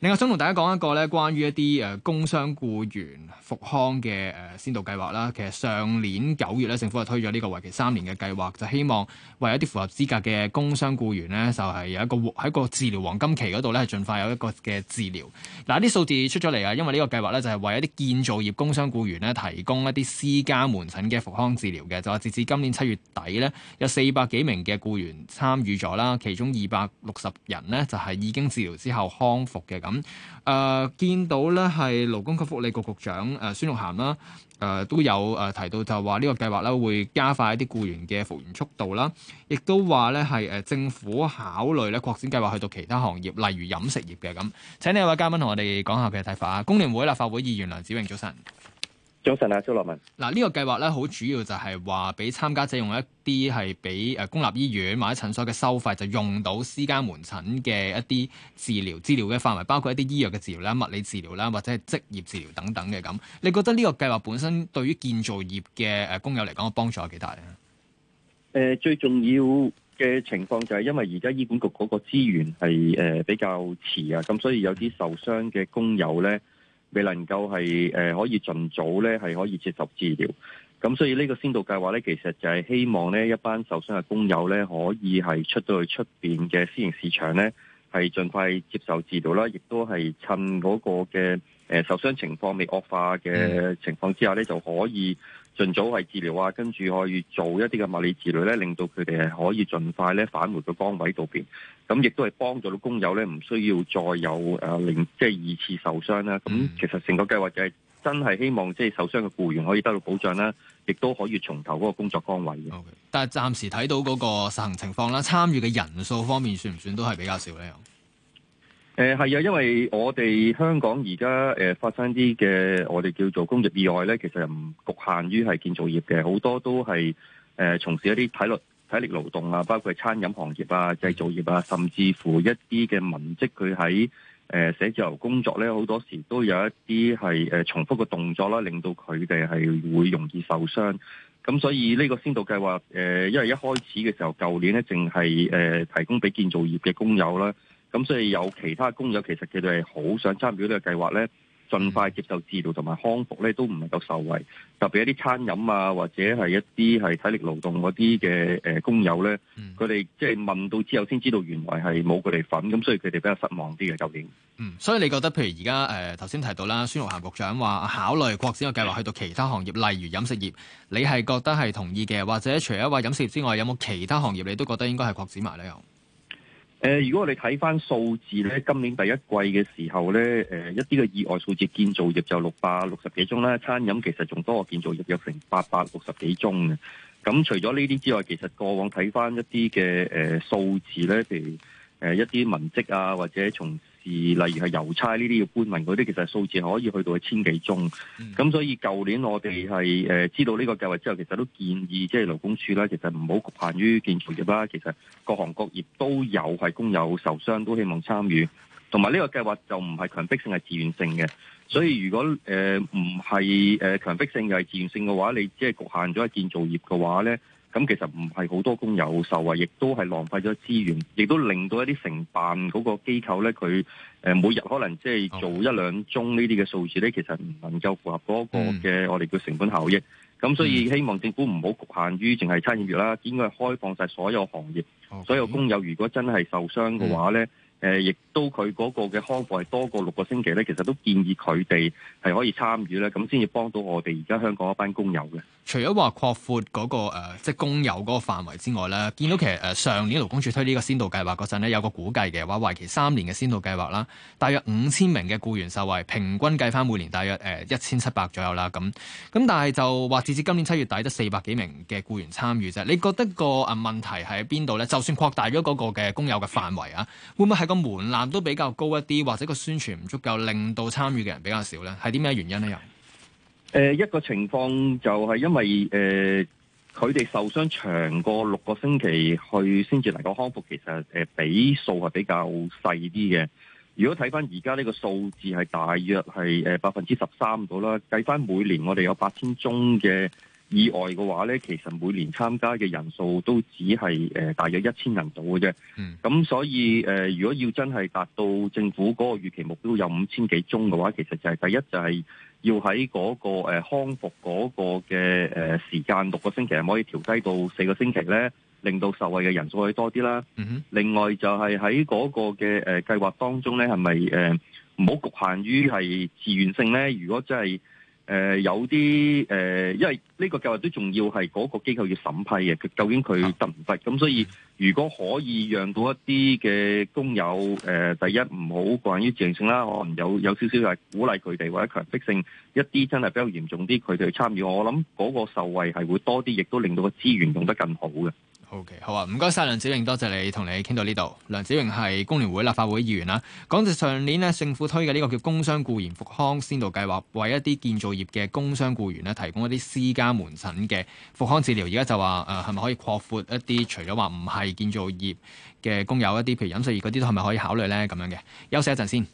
另外想同大家講一個咧，關於一啲誒工傷僱員復康嘅誒先導計劃啦。其實上年九月咧，政府係推咗呢個為期三年嘅計劃，就希望為一啲符合資格嘅工傷僱員呢，就係有一個喺個治療黃金期嗰度呢，係盡快有一個嘅治療。嗱，啲數字出咗嚟啊，因為呢個計劃呢，就係為一啲建造業工傷僱員呢，提供一啲私家門診嘅復康治療嘅。就話截至今年七月底呢，有四百幾名嘅僱員參與咗啦，其中二百六十人呢，就係已經治療之後康復嘅咁，誒、呃、見到咧係勞工及福利局局長誒孫、呃、玉涵啦，誒、呃、都有誒提到就話呢個計劃啦，會加快一啲僱員嘅復原速度啦，亦都話咧係誒政府考慮咧擴展計劃去到其他行業，例如飲食業嘅咁，請你有位嘉賓同我哋講下佢嘅睇法啊，工聯會立法會議員梁子穎早晨。早晨啊，蘇樂文。嗱，呢個計劃咧，好主要就係話俾參加者用一啲係俾誒公立醫院或者診所嘅收費，就用到私家門診嘅一啲治療資料嘅範圍，包括一啲醫藥嘅治療啦、物理治療啦，或者係職業治療等等嘅咁。你覺得呢個計劃本身對於建造業嘅誒工友嚟講，幫助有幾大咧？誒、呃，最重要嘅情況就係因為而家醫管局嗰個資源係誒比較遲啊，咁所以有啲受傷嘅工友咧。未能夠係誒、呃、可以盡早咧係可以接受治療，咁所以呢個先導計劃咧，其實就係希望咧一班受傷嘅工友咧，可以係出到去出邊嘅私營市場咧。係盡快接受治療啦，亦都係趁嗰個嘅誒受傷情況未惡化嘅情況之下咧，就可以儘早係治療啊，跟住可以做一啲嘅物理治療咧，令到佢哋係可以儘快咧返回個崗位度邊，咁亦都係幫助到工友咧，唔需要再有誒令即係二次受傷啦。咁、嗯、其實成個計劃就係、是。真係希望即係受傷嘅僱員可以得到保障啦，亦都可以重投嗰個工作崗位嘅。Okay，但係暫時睇到嗰個實行情況啦，參與嘅人數方面算唔算都係比較少呢？誒係啊，因為我哋香港而家誒發生啲嘅我哋叫做工業意外咧，其實唔局限於係建造業嘅，好多都係誒從事一啲體力體力勞動啊，包括係餐飲行業啊、製造業啊，嗯、甚至乎一啲嘅文職，佢喺。誒、呃、寫字樓工作咧，好多時都有一啲係、呃、重複嘅動作啦，令到佢哋係會容易受傷。咁所以呢個先導計劃，誒、呃、因為一開始嘅時候，舊年咧淨係誒提供俾建造業嘅工友啦。咁所以有其他工友其實佢哋係好想參與呢個計劃咧。盡快接受治療同埋康復咧，都唔能夠受惠。特別一啲餐飲啊，或者係一啲係體力勞動嗰啲嘅誒工友咧，佢哋即係問到之後先知道原來係冇佢哋份，咁所以佢哋比較失望啲嘅究竟。嗯，所以你覺得譬如而家誒頭先提到啦，孫玉菡局長話考慮擴展嘅計劃去到其他行業，的例如飲食業，你係覺得係同意嘅，或者除咗話飲食業之外，有冇其他行業你都覺得應該係擴展埋咧？誒、呃，如果我哋睇翻數字咧，今年第一季嘅時候咧，誒、呃，一啲嘅意外數字，建造業就六百六十幾宗啦，餐飲其實仲多過建造業約成八百六十幾宗嘅。咁、嗯、除咗呢啲之外，其實過往睇翻一啲嘅誒數字咧，譬如誒、呃、一啲文職啊，或者從。而例如係郵差呢啲嘅官民嗰啲，其實數字可以去到一千幾宗，咁所以舊年我哋係誒知道呢個計劃之後，其實都建議即係、就是、勞工處啦，其實唔好局限於建築業啦，其實各行各業都有係工友受傷，都希望參與，同埋呢個計劃就唔係強迫性，係自願性嘅，所以如果誒唔係誒強迫性又係自願性嘅話，你即係局限咗喺建造業嘅話咧。咁其實唔係好多工友受惠，亦都係浪費咗資源，亦都令到一啲承辦嗰個機構咧，佢誒每日可能即係做一兩宗呢啲嘅數字咧，其實唔能夠符合嗰個嘅我哋叫成本效益。咁、嗯、所以希望政府唔好局限於淨係餐飲業啦，應該開放晒所有行業，哦、所有工友如果真係受傷嘅話咧。嗯呃、亦都佢嗰個嘅康復係多過六個星期咧，其實都建議佢哋係可以參與咧，咁先至幫到我哋而家香港一班工友嘅。除咗話擴闊嗰、嗰個、呃、即係工友嗰個範圍之外呢，見到其實、呃、上年勞工處推呢個先導計劃嗰陣呢，有個估計嘅話，為期三年嘅先導計劃啦，大約五千名嘅僱員受惠，平均計返每年大約呃、一千七百左右啦，咁咁但係就話截至今年七月底得四百幾名嘅僱員參與啫。你覺得個呃問題係喺邊度咧？就算擴大咗嗰個嘅工友嘅範圍啊，會唔會個門檻都比較高一啲，或者個宣傳唔足夠，令到參與嘅人比較少咧，係啲咩原因咧？又誒、呃，一個情況就係因為誒，佢、呃、哋受傷長過六個星期去先至能夠康復，其實誒，比數係比較細啲嘅。如果睇翻而家呢個數字係大約係誒百分之十三度啦，計翻每年我哋有八千宗嘅。以外嘅話，咧，其實每年參加嘅人數都只係、呃、大約一千人度嘅啫。咁、mm hmm. 所以、呃、如果要真係達到政府嗰個預期目標有五千幾宗嘅話，其實就係第一就係要喺嗰、嗰個、呃、康復嗰個嘅誒時間六個星期，可以調低到四個星期咧，令到受惠嘅人數可以多啲啦。Mm hmm. 另外就係喺嗰個嘅誒、呃、計劃當中咧，係咪誒唔好局限於係自願性咧？如果真係誒、呃、有啲誒、呃，因為呢個計劃都仲要係嗰個機構要審批嘅，佢究竟佢得唔得？咁所以如果可以讓到一啲嘅工友誒、呃，第一唔好過於自動性啦，可能有有少少係鼓勵佢哋或者強迫性一啲真係比較嚴重啲，佢哋去參與，我諗嗰個受惠係會多啲，亦都令到個資源用得更好嘅。好 k、okay，好啊，唔該曬梁子穎，多謝你同你傾到呢度。梁子穎係工聯會立法會議員啦。講到上年咧，政府推嘅呢個叫工傷僱員復康先導計劃，為一啲建造業嘅工傷僱員咧提供一啲私家門診嘅復康治療。而家就話誒，係咪可以擴闊一啲？除咗話唔係建造業嘅工友，一啲譬如飲食業嗰啲，都係咪可以考慮呢？咁樣嘅休息一陣先。